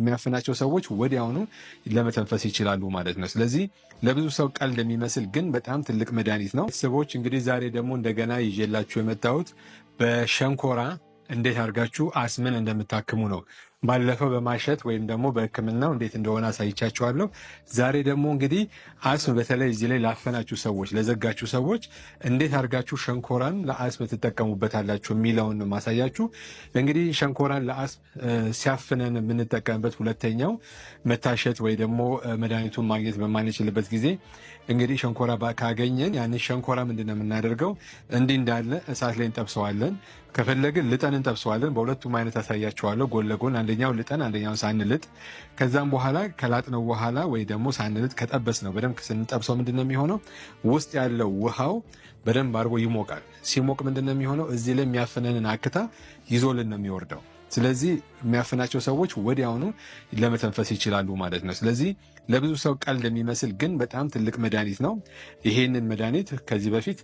የሚያፍናቸው ሰዎች ወዲያውኑ ለመተንፈስ ይችላሉ ማለት ነው። ስለዚህ ለብዙ ሰው ቀል የሚመስል ግን በጣም ትልቅ መድኃኒት ነው። ሰዎች እንግዲህ ዛሬ ደግሞ እንደገና ይዤላችሁ የመጣሁት በሸንኮራ እንዴት አድርጋችሁ አስምን እንደምታክሙ ነው። ባለፈው በማሸት ወይም ደግሞ በሕክምናው እንዴት እንደሆነ አሳይቻችኋለሁ። ዛሬ ደግሞ እንግዲህ አስም በተለይ እዚህ ላይ ላፈናችሁ ሰዎች፣ ለዘጋችሁ ሰዎች እንዴት አድርጋችሁ ሸንኮራን ለአስም ትጠቀሙበታላችሁ የሚለውን ማሳያችሁ። እንግዲህ ሸንኮራን ለአስም ሲያፍነን የምንጠቀምበት ሁለተኛው መታሸት ወይ ደግሞ መድኃኒቱን ማግኘት በማንችልበት ጊዜ እንግዲህ ሸንኮራ ካገኘን ያንን ሸንኮራ ምንድን ነው የምናደርገው? እንዲህ እንዳለ እሳት ላይ እንጠብሰዋለን። ከፈለግን ልጠን እንጠብሰዋለን። በሁለቱም አይነት አሳያችኋለሁ ጎን ለጎን አንደኛው ልጠን አንደኛውን ሳንልጥ ከዛም በኋላ ከላጥነው በኋላ ወይ ደግሞ ሳንልጥ ከጠበስ ነው በደንብ ስንጠብሰው ምንድነው የሚሆነው? ውስጥ ያለው ውሃው በደንብ አድርጎ ይሞቃል። ሲሞቅ ምንድነው የሚሆነው? እዚህ ላይ የሚያፍነንን አክታ ይዞልን ነው የሚወርደው። ስለዚህ የሚያፍናቸው ሰዎች ወዲያውኑ ለመተንፈስ ይችላሉ ማለት ነው። ስለዚህ ለብዙ ሰው ቀልድ የሚመስል ግን በጣም ትልቅ መድኃኒት ነው። ይሄንን መድኃኒት ከዚህ በፊት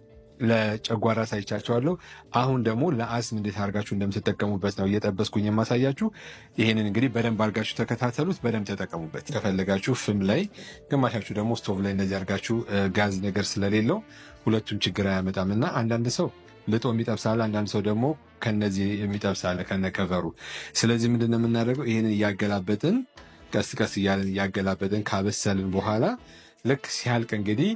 ለጨጓራ ሳይቻቸዋለሁ። አሁን ደግሞ ለአስም እንዴት አድርጋችሁ እንደምትጠቀሙበት ነው እየጠበስኩኝ የማሳያችሁ። ይህንን እንግዲህ በደንብ አድርጋችሁ ተከታተሉት፣ በደንብ ተጠቀሙበት። ከፈለጋችሁ ፍም ላይ፣ ግማሻችሁ ደግሞ ስቶቭ ላይ እንደዚህ አድርጋችሁ ጋዝ ነገር ስለሌለው ሁለቱም ችግር አያመጣም እና አንዳንድ ሰው ልጦ የሚጠብሳለ፣ አንዳንድ ሰው ደግሞ ከነዚህ የሚጠብሳለ ከነከቨሩ። ስለዚህ ምንድን ነው የምናደርገው? ይህንን እያገላበጥን ቀስ ቀስ እያለን እያገላበጥን ካበሰልን በኋላ ልክ ሲያልቅ እንግዲህ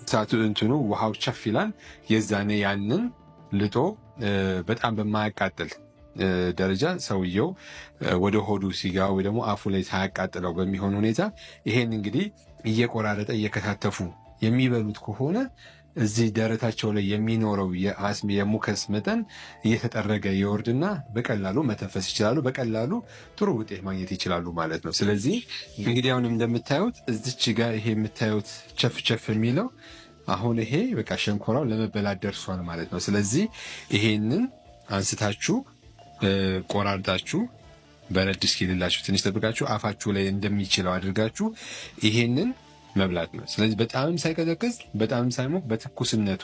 እሳቱ እንትኑ ውሃው ቸፍ ይላል። የዛኔ ያንን ልጦ በጣም በማያቃጥል ደረጃ ሰውየው ወደ ሆዱ ሲጋ ወይ ደግሞ አፉ ላይ ሳያቃጥለው በሚሆን ሁኔታ ይሄን እንግዲህ እየቆራረጠ እየከታተፉ የሚበሉት ከሆነ እዚህ ደረታቸው ላይ የሚኖረው የአስም የሙከስ መጠን እየተጠረገ ይወርድና በቀላሉ መተንፈስ ይችላሉ። በቀላሉ ጥሩ ውጤት ማግኘት ይችላሉ ማለት ነው። ስለዚህ እንግዲህ አሁን እንደምታዩት እዚች ጋር ይሄ የምታዩት ቸፍ ቸፍ የሚለው አሁን ይሄ በቃ ሸንኮራው ለመበላት ደርሷል ማለት ነው። ስለዚህ ይሄንን አንስታችሁ ቆራርጣችሁ በረድ እስኪልላችሁ ትንሽ ጠብቃችሁ አፋችሁ ላይ እንደሚችለው አድርጋችሁ ይሄንን መብላት ነው። ስለዚህ በጣምም ሳይቀዘቅዝ በጣም ሳይሞቅ በትኩስነቱ።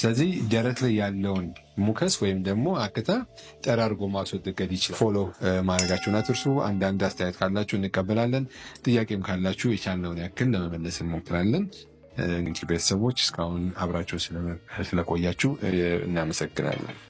ስለዚህ ደረት ላይ ያለውን ሙከስ ወይም ደግሞ አክታ ጠራርጎ ማስወገድ ይችላል። ፎሎ ማድረጋችሁን አትርሱ። አንዳንድ አስተያየት ካላችሁ እንቀበላለን። ጥያቄም ካላችሁ የቻልነውን ያክል ለመመለስ እንሞክራለን። እንግዲህ ቤተሰቦች እስካሁን አብራችሁ ስለቆያችሁ እናመሰግናለን።